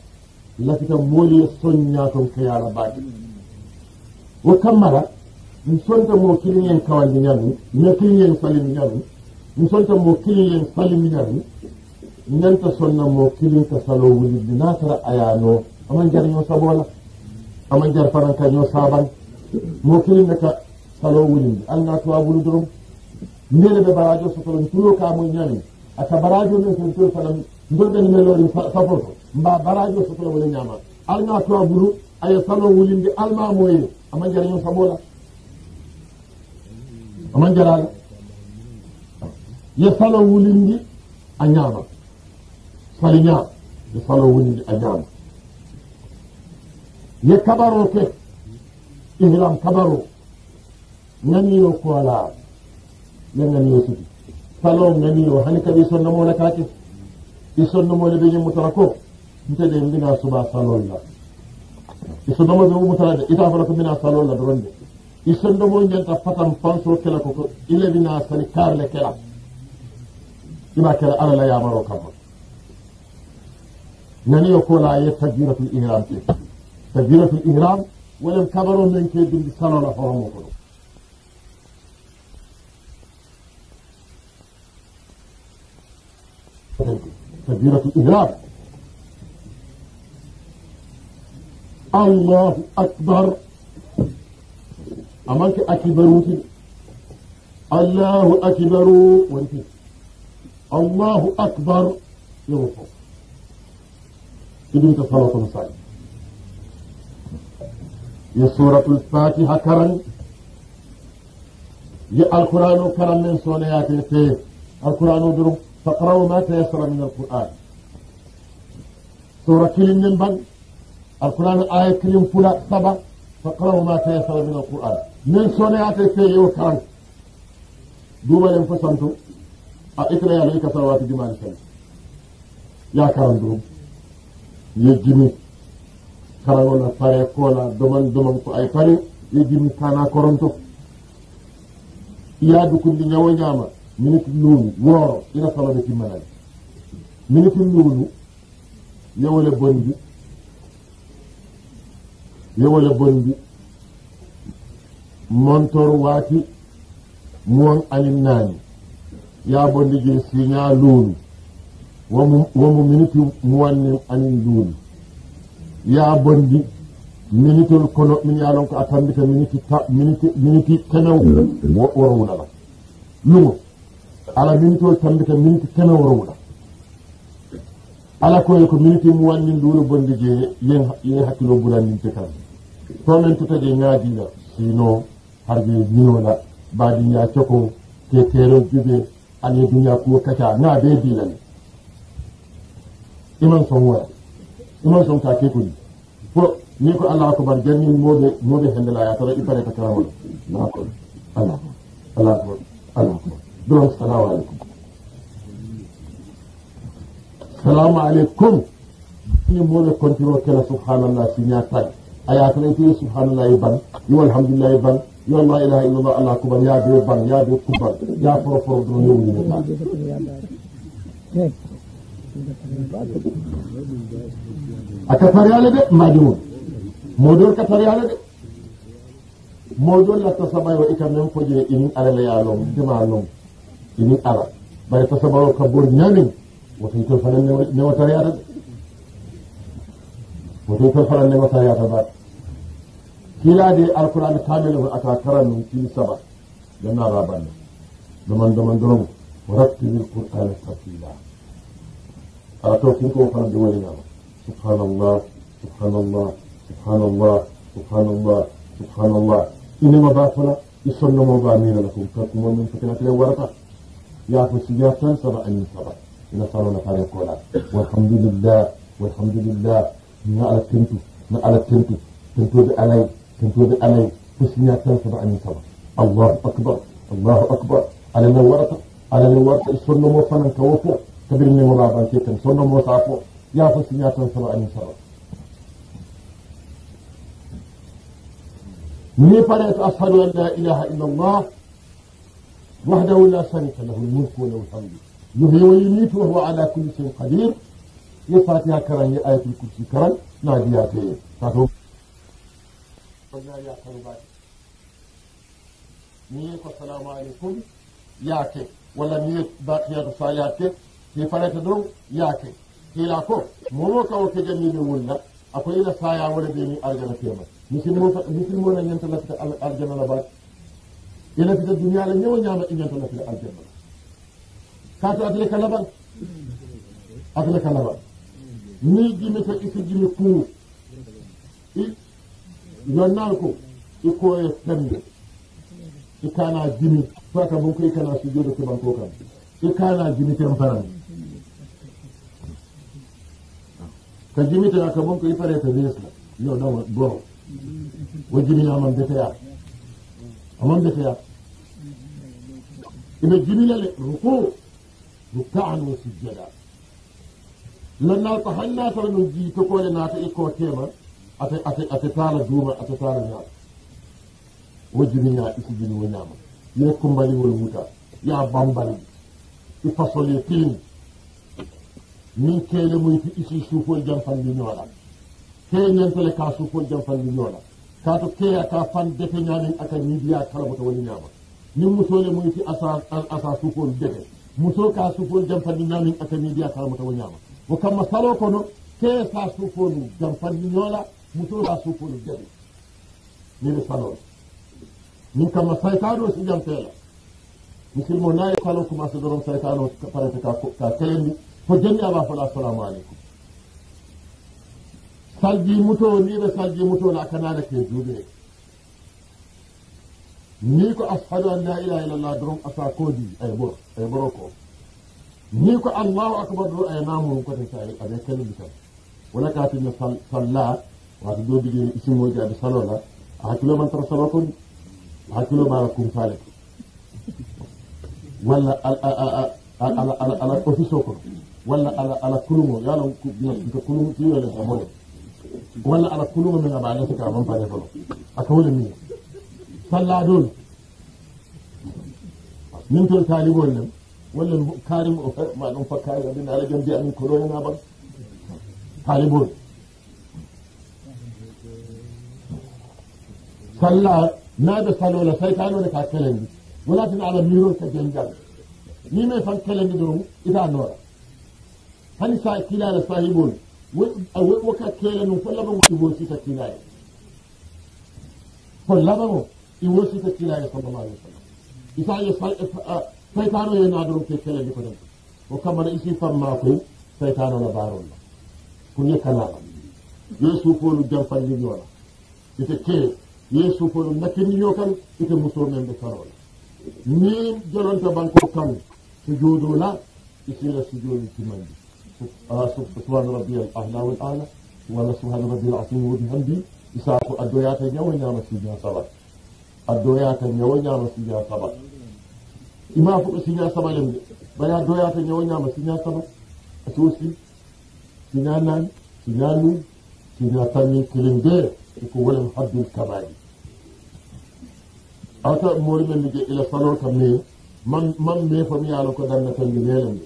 lafita moolu ye soññaa ton ka yaala baake wo kammara n sonta moo kiliŋ yeŋ kawandi ñaami ne kiliŋ yeŋ falindi ñaami n sonta moo kiliŋ yeŋ falindi ñaami ñanta sonna moo kiliŋ ka saloo wulindi naa tara a ye a noo aman jar ñoo saboo la aman jar fanaŋ ka ñoo saaban moo kiliŋ ne ka saloo wulindi al naa tuwaabulu doroŋ mbele be baraajo sotolo n tuloo kaa moy ñaami ata baraajo men ten tol fanaŋ ngolɗen meloɗen safoto mba barajo sotola wona ñama alga towa buru aya salon wulinde alma moye ama jara yon sabola aman jaraga ye salon wulindi a ñama sali ña ye salon wulindi a ñama ye kabaro ke ihram kabaro ganiyo ko ala ye ganiyo sigi salon ganiyo hani kadi sonnamona kake isonnomole ɓe ñim mutara ko miteɗe mbina suba salolla isonnomo ɓe mutarade ita fala ko mbina salolla doronde isonnomo ñanta patan fanso kela koko ilebina sani karle kela ima kela ala la yamaro kamma nani o kola ye tadbiratul ihram te tadbiratul ihram wolen kabaro men ke bindi salola horomo ko ɗum Thank you. كبيرة الإهرام الله أكبر أمانك أكبروا الله أكبر ونفيد الله أكبر يوفو ابن تصلاة مصائب يا سورة الفاتحة كرن يا القرآن كرن من سونيات القرآن درم فاقرأوا ما تيسر من القرآن سورة كلم ينبغ القرآن آية كلم فلا سبع فاقرأوا ما تيسر من القرآن من صنعات في يوكران دوما ينفسنتو أقرأ عليك صلوات جمال سنة يا كرم دوم يجمي كرمونا فاريكونا دومن دومن كو أي فاري يجمي كانا كورنتو يا دكم دي نيوان جامع minitilluulu wooro ila talabati manal minitilluulu yowale bon bi yowale bon bi montor waati muwaŋ anin naani yaabondi je siñaa luulu womo miniti muwannin anin luulu yaabondi minitol kono min yaalon ko a tambita miniti miniti miniti kenew mm-hmm. worwulala lugo ala mintol tambita minti keme worowuɗa ala yako minti miniti muwannin ɗuro bonde je yen hakkilo ɓurandinte kan tomen tutaje ñaadiɗa sino ba di baadiña choko te tero jube ane duniya kuwo kaca na be ni iman son wa iman son ta kekuni fo ni ko allah akubar janni moɓe moɓe ya tara ipare ta karamolo nakon allah allah allah دروس السلام عليكم السلام عليكم يقول كنت وكلا سبحان الله سنياتا طيب. آيات الانتين سبحان الله يبن يو الحمد لله يبن يو الله إله إلا الله الله كبر يا دي يبن يا دي كبر يا فرو فرو دروني يبن أكثر يالي بي مدون مدون كثر يالي بي مدون لتصبعي وإكرنهم فجر إن على ليالهم دمالهم من أرى بل تصبروا كبور نامن وتنت الفلن نوتر يا رب وتنت الفلن نوتر يا رب كلا دي القرآن كامل أتاكرا من كل سبا لنا رابنا دمان دمان درم ورتب القرآن ترتيلا أتوكينكم فلن دولنا سبحان الله سبحان الله سبحان الله سبحان الله سبحان الله إنما باطلا يصنع موضع مين لكم كاكم ومن فتنة يا صبا اني صبا إلى صلاه لك على كولا والحمد لله والحمد لله ما على تنتو ما على تنتو تنتو بأني تنتو بأني صبا اني صبا الله أكبر الله أكبر على نورته على نورته السنة موفنا كوفو كبيرني مرابا كيتم سنة موسعفو يا صبا اني صبا من فرأت أشهد أن لا إله إلا الله وحده لا شريك له الملك وله الحمد يحيي ويميت وهو على كل شيء قدير يفاتها كرم هي آية الكرسي كرم ناديها كيف تاتو يا كربات نيك والسلام عليكم ياك ولا ميك باقي صالحة ياك كيف لا تدرو ياك كيف لاكو كو موكا وكجنين ولا أقول إلى سايا ولا بيني أرجل فيما مثل مو مثل مو أن ينتظر أرجل نبات yanafita duñaale ñewo ñaama iñanta nafila aljanna kaatu atele ka laban atele ka laban ni jimi to isi jimi kuu i ko i koye fende i kana jimi fata mun ko i kana sujuudu kibanko kan i kana jimi ten faran ka jimi tena ka mun ko i pareta rees la yo ɗon goro wo jimi ñaman beteyaa أمان بخيار إن الجميلة ركوع ركعا وسجدا لنا تحنا ترى من جي تقول لنا تيكو تيما أتي أتي أتي تارا دوما أتي تارا نعم وجبنا إسجن ونعم يكم بالي والموتا يا بامبالي يفصل يتين من كيلو ميت إسي شوفو الجنفان بنيولا كيلو ينتلك عصوفو الجنفان بنيولا فاتطيع كافان دفنان أكل نبيا كربت ولنعمة من مسؤول ميت أساس الأساس سفول دفن مسؤول كاسفول جنب النعمة أكل نبيا كربت ولنعمة وكما سلوكنا كيف سفول جنب النعمة مسؤول كاسفول دفن من السلوك من كما سيطانو سجن فيها مسلمون لا يقالوكم أصدرون سيطانو فرنتك كتيني فجميع ما فلا السلام عليكم salji muto ni da salji muto la kana da ke juuɓe ni ko ashadu an la ilaha illallah doron asa kodi ay bor ay boroko ni ko allahu akbar do ay namu namum kote sa aɓe kene bitan wala ka tin salla wa do bi gen bigeni isimoji aɓe salola a kilo man tar salo kon a hakkilo mara kum sale al al al al al al al al al al al al al al al al ولا على كل من الابعاد تكرمون بعد بلو أقول مني صلى دول من تول تالي ولا ولا كارم ما نم فكاي بدنا على جنب يعني أنا بس تالي بول صلى نادى صلى ولا سيكان ولا كاتكلم ولا تنا على ميرو تجنجال ليه ما يفكر لنا دروم إذا نور هل سائل كلا لصاحبون woka kelenu fo labaŋo i wosita kilaye fo labaŋo i wosita kilaye sallallahu alaihi wasallam isa ye saytano ye nadorom ke keleni ko den o kamana isi famma koy saytano la baron la ko ye kalaɓa ye sufolu janfalliñola ite ke ye sufolu nakkiniño kan ite muso men ɓe karola ni jolonta banko kan sujudu la isila sujudu timandi سبحان ربي الأعلى والأعلى ولا سبحان ربي العظيم وبحمدي إساكو الدويات يوين يا مسيجا سبا الدويات يوين يا مسيجا سبا إما فوق سيجا سبا لمن بيا الدويات يوين يا مسيجا سبا أتوسي سنانان سنانو سناتاني كلمبير يكون ولم حد الكمالي أتا موري من لجي إلى صلوة من من من ميفا ميالو كدنة اللي ميلمي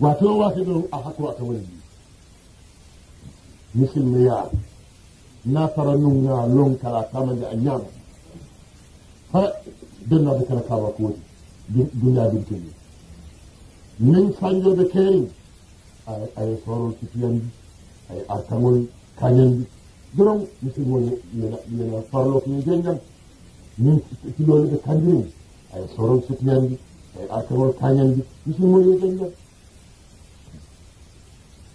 واتو واتو الحق واتو ولدي مثل ميا نافر نونا لون كلا تامن جانيان ها دنا بكرة كاباكوتي دنيا بنتي من سانجو بكيرين اي اي صورو كتيان اي ارتمون كانيان دي جرون مثل مو ينا ينا فارلو في جنجان من تلولي بكاندرين اي صورو كتيان دي اي ارتمون كانيان دي مثل مو ينا جنجان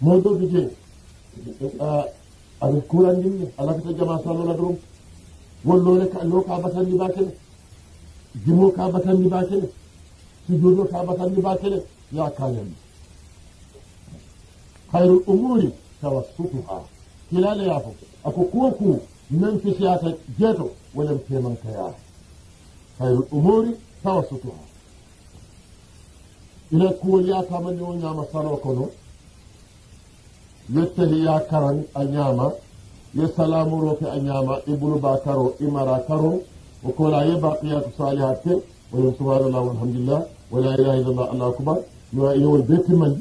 kuran mootoo fitee abe kuulan dinne alafita jamaasanola durum wolloole loo kaabatanni baa kene jimoo kaabatanni baa kene sujuudoo kaabatanni baa kene yaa kaayanni khayrul umuuri tawassutuhaa hilaala yaafo ako kuwo kuu nan fisiyaata jeeto wolem teemankayaa khayrul umuuri tawassutuhaa ila kuwol yaatamanne o ñaama saloo kono يتهي يا كران أنياما يسلام روك أنياما إبن باكرو إمارا كرو وكولا يبقيات صالحات ويوم سبحان الله والحمد لله ولا إله إلا الله الله أكبر يوائيه البيت من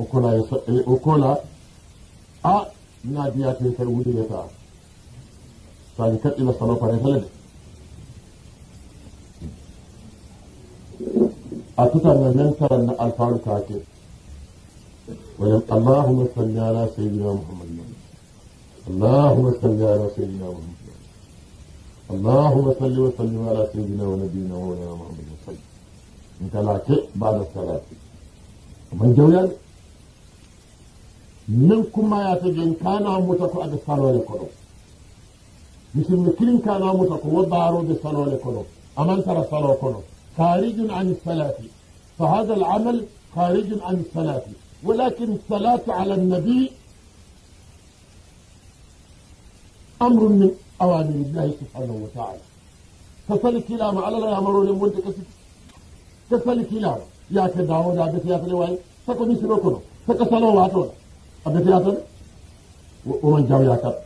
وكولا يس... وكولا أ ناديات يتهي ودي يتهي صالحات إلى صلاة فريسلت أتتعلم من كان الفارق أكيد ولم اللهم صل على سيدنا محمد اللهم صل على سيدنا محمد اللهم صل وسلم على سيدنا ونبينا ومولانا محمد وسلم انت لا بعد الصلاه من جويان منكم ما يتجن كان متقوى قد صلوا لكم مثل كل كان متقوى وضعوا بصلوا لكم أمن ترى صلوا خارج عن الصلاه فهذا العمل خارج عن الصلاه ولكن الثلاثة على النبي أمر من أوامر الله سبحانه وتعالى كسل كلام على لا يأمرون من كسل كسل كلام يا كداو يا بيتي يا تلوي سكوني سلوكنا سكسلوا واتوا أبيت يا تلوي ومن جاو يا كات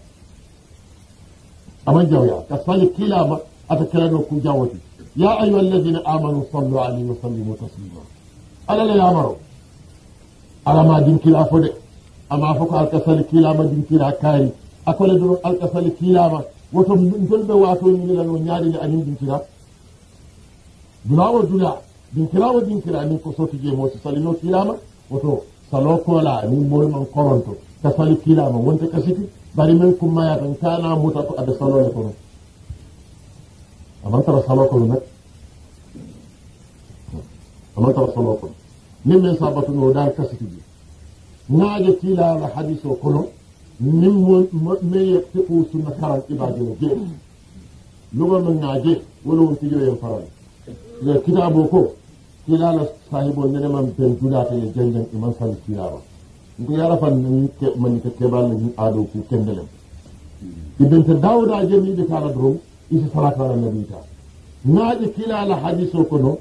أمن جاو يا كسل كلام أتكلم لكم جاوتي يا أيها الذين آمنوا صلوا عليه وسلموا تسليما على الله يأمرون alama dinkila fo de ama fo alkasali kilama dinkira kaari akole ɗon alkasali kilama woto jolɓe wato nyaade ni anin dinkira dulawo dula dinkirawo dinkira nin ko je mo so salino kilama woto salo ni nin molman koronto kasali kila kilama wonte kasiti bari men kummaya tan kana muta ko salo ko no amanta salo ko no amanta salo no min min sabatu no dal kasiti ji naaje tiilaala hadis o kono min min yettiqu sunna karan ibadi no jee lugol men naaje wala won tijoyen faran yo kitabo ko tiilaala sahibol neneman ben dulata e jengen iman sali tiilawa nko yarafan mani ke keɓalle min aado ku kendelem ibente dawda jemiɗe kala dorom isi salatala nabita naaje kiilala hadis o kono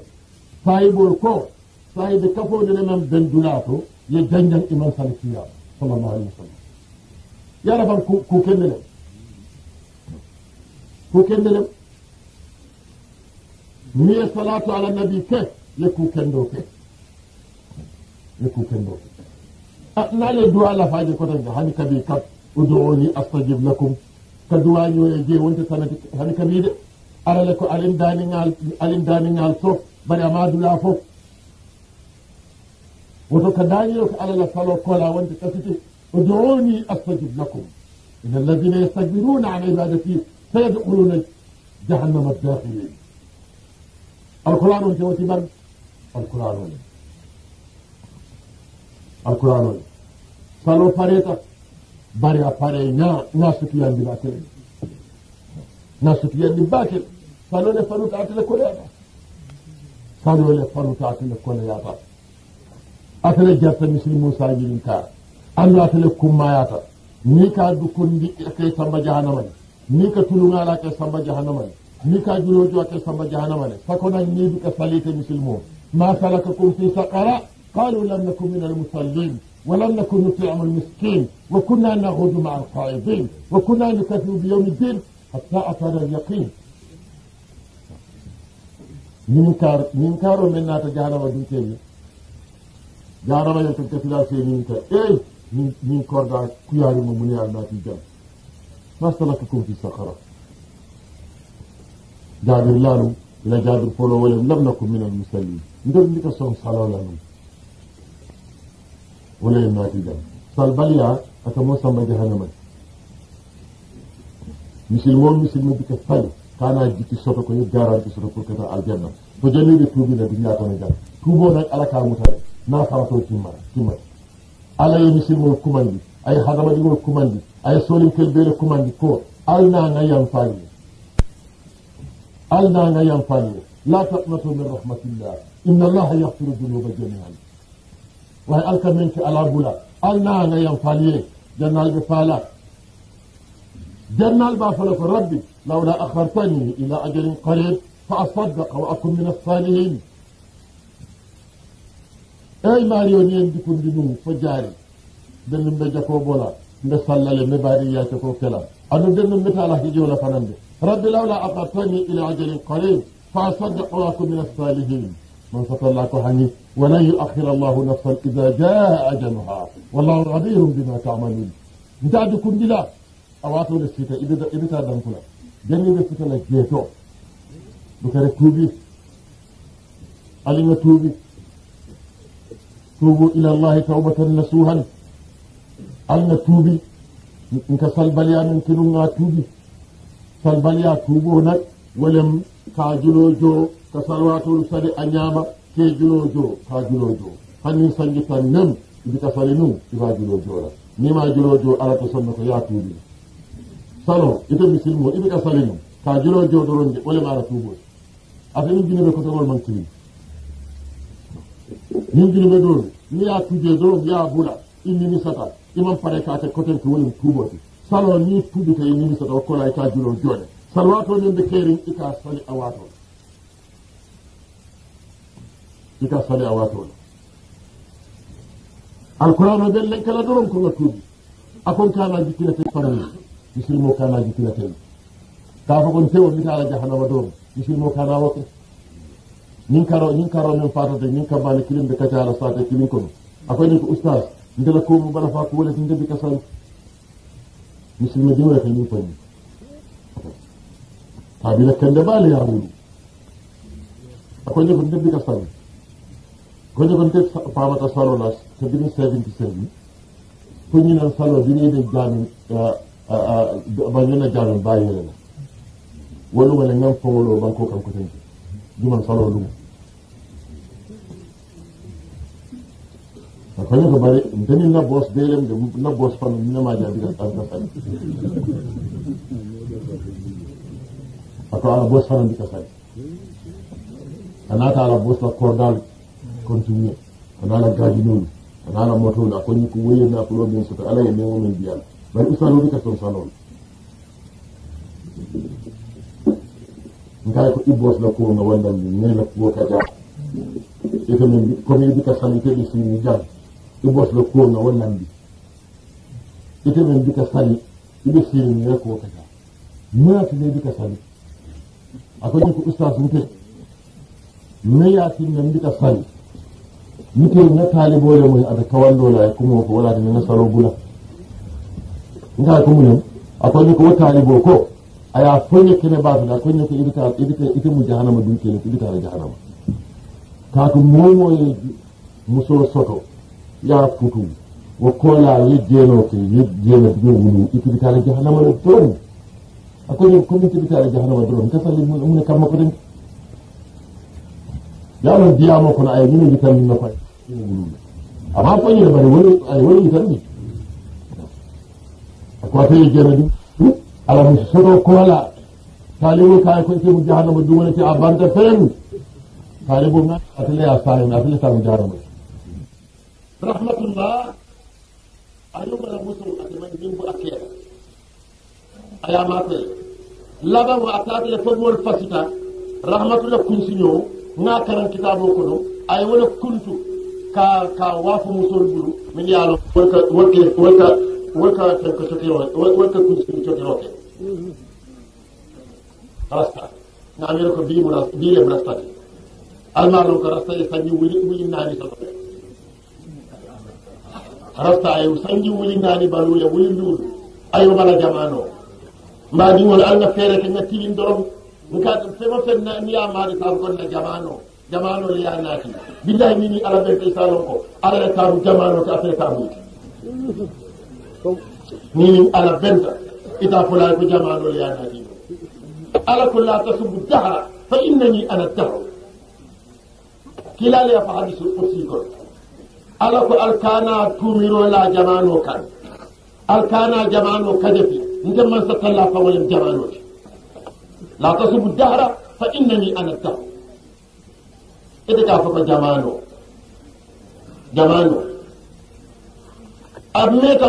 sahibol ko sahibe kafoɗene men bendula to yo dañdan iman salifiyam sallallahu alih wa sallam yaraban ku kendelem ku kendelem miye salatu ala nabi ke ye ku kendo ke ye ku kendo ke naale duwa lafaje kotenga hani kabi kab uduuni astajib lakum ka duwañoye je wonte sanati hani kabi de arale ko alin daniŋal alin daniŋal so bari ama dula fof وتوك دانيوس على لسالو كولا وانت تسيتي ادعوني استجب لكم ان الذين يستكبرون عن عبادتي سيدخلون جهنم الداخلين القران انت وتبر القران القران سالو فريتا باريا فاري نا ناسك يندي باكل ناسك يندي باكل سالو لفانو تعتل كولا سالو لفانو تعتل كولا يا بابا atele jarta muslimusajirin ka andu atele kummayata ni ka dukundi ke samba jahanamani ni ka tulungala ke samba jahanamani ni ka julojo ke samba jahanamani sakona ni ka salite muslimu ma salakakum fi saqara قالوا لم نكن من المصلين ولم نكن نطعم المسكين وكنا نخوض مع القائضين وكنا نكذب بيوم الدين حتى أتانا اليقين من كار من كارو من ناتا جهنم ودوتيني jarama yen tan kafila semin ka ey min min korda kuyarimo muniyal naati jam masalakakum fi sakara jabir laanu ila jabir folo wolem lam nakum min al musallin nder ndika son salolanu wolayel naati jam salbaliya aka mo samba jahanama misilmo misilmo bika fali kana jikki soto ko yo garanti soto pour kata aljanna to janiɓe tuubina ɗum yatana jam tuubo nag ala ka mutare ما فرطوا كمان كمان على يمسلم الكمان دي أي حدما يقول الكمان دي أي سولم كالبير الكمان دي كور ألنا نيان فاني ألنا نيان فاني لا تقنطوا من رحمة الله إن الله يغفر الذنوب جميعا وهي ألقى منك على بولا ألنا نيان فاني جنة البفالة جنة البفالة ربي لولا أخرتني إلى أجل قريب فأصدق وأكون من الصالحين eyi maari o ñeen dikundi ɗum fo jaari dennum ɓe jako bola nde sallale mi baari yaace ko kelam anu dennum mitala hijowla fanande rabbi lawla aqartani ila ajalin qarib fa asaddaqa waku min assalihin من ستر الله عني ولن يؤخر الله نفسا إذا جاء أجلها والله خبير بما تعملون انت عاد كن بلا أواتو للشتاء إذا إذا تعدم فلا جنة الشتاء لجيتو بكرة توبي ألم توبي توبوا الى الله توبه نصوحا ان توبي انك صلبل يا من كنون توبي صلبل يا توبوا نك ولم كاجلو جو كصلوات الرسل انياما كاجلو جو كاجلو جو فني سنجي فنم بك فلنو كاجلو جو نيما جلو جو على تسمك يا توبي صلو اذا بسلمو ابك فلنو كاجلو جو درنجي ولم على توبوا افلم جنبك تقول من hinjiri be doon ni ya tuje doron ya bula i nimisata i man pare ka ke koten ki wonin tuboti salo ni tubita i nimisata o kola i ka julo jone salwato nin be kerin i ka sali awato i ka sali awato alkurano ben len kala doron ko nga tubi akon kana jikina te fanni misirmo kana jikina te ka fa kon tewo mitala jahannama doon misirmo kana wokke ñin karo ñin karo min fatata ñin ka bala kilim be kata ala sata kilim ko akoy ni ko ustaz ndela ko mu bala fa ko wala ndebe kasal muslima di wala ni ko ni tabila kan da bala ya wulu akoy ni ko ndebe kasal ko ni ko ndebe pamata salo nas ko dimi 77 ko ni nan salo bi ni de jamin ba ñu na jamin bayela wala wala ngam fongolo banko kan ko tan juman salo lumu fanyi ko bari dani na boss dele de na boss para ni na ma jabi ka tan ka fan a ala boss fam bi ka fan anata ala boss la cordal continue anala gaji non anala moto na ko ni ko weye na ko lobin so to ala ye mewo men bial bari ustano bi ka ton salon ngala ko ibos la ko no wanda ni ne la ko ka ja ito min ko mi bi ka sanite bi igoslo kuno wo nambi ite men bika sali ibe sirin ne ko kaja nati ne bika sali akwai ku ustaz mute ne ya tin nan bika sali mute na talibo le mun ada kawan dola ya kuma ko wala da na salo gula nga ko mun akwai ku talibo ko aya fanya kene ba su da kunya ku ibita ibita ita mu jahannama dunke ne ibita jahannama ka ku moyo muso soto يعرف كتب وكولا يجيلوك يجيل بدون يكتب على جهنم الدرم أقول لك كم يكتب على جهنم الدرم كسر لي من أمك ما قدمت يا من ديامو كنا عايزين يتم من فاي أما أقول لك أنا ولي أنا ولي يتمني أقول لك يجيل بدون على مستوى كولا تعلموا كيف يكتب جهنم الدرم أنت أبانت فين تعلموا ما أتلي أستعين أتلي أستعين جهنم الدرم rahmatullah ayubara musu atiman jimbu akiya aya mate laga wa atati fo wol fasita rahmatullah kunsinyo nga karan kitabo kono ay wala kuntu ka ka wafu musul bulu min yalo waka waka waka waka ko to kiro waka kunsinyo to kiro rasta na amir ko bi mu rasta bi mu rasta almaro ko rasta e sanni wuli wuli nani to rasta ayu sanji wuli nani balu ya wuli lul ayu bala jamano ma ni wala alla fere ke ngati lin dorom nka fema fenna ni ya mari tar kon na jamano jamano le ya nati billahi ni ni ala be be salon ko ala taru jamano ka fe tabu ni ni ala benta ita fula ko jamano le ya nati ala kullu tasubbu dahra fa innani ana dahra kilale ya fa hadisul qudsi ko ala ko alkana tumiro la jamano kan alkana jamano kadefi nde man satalla fawolen jamano ti la tasubu dahra fa innani ana dahr ede ka foko jamano jamano abne ka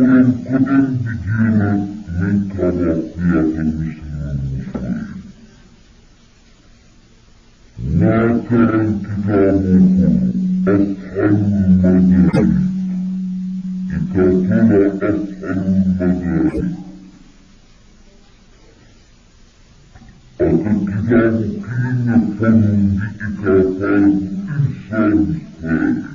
رجل قدم بدين من ترقية المسلم المسلمين ما كان كتابكم أسهل المدارس كتابنا أسهل المدارس الكتاب كل فن بإكافات إنسان ثاني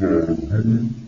تعرضون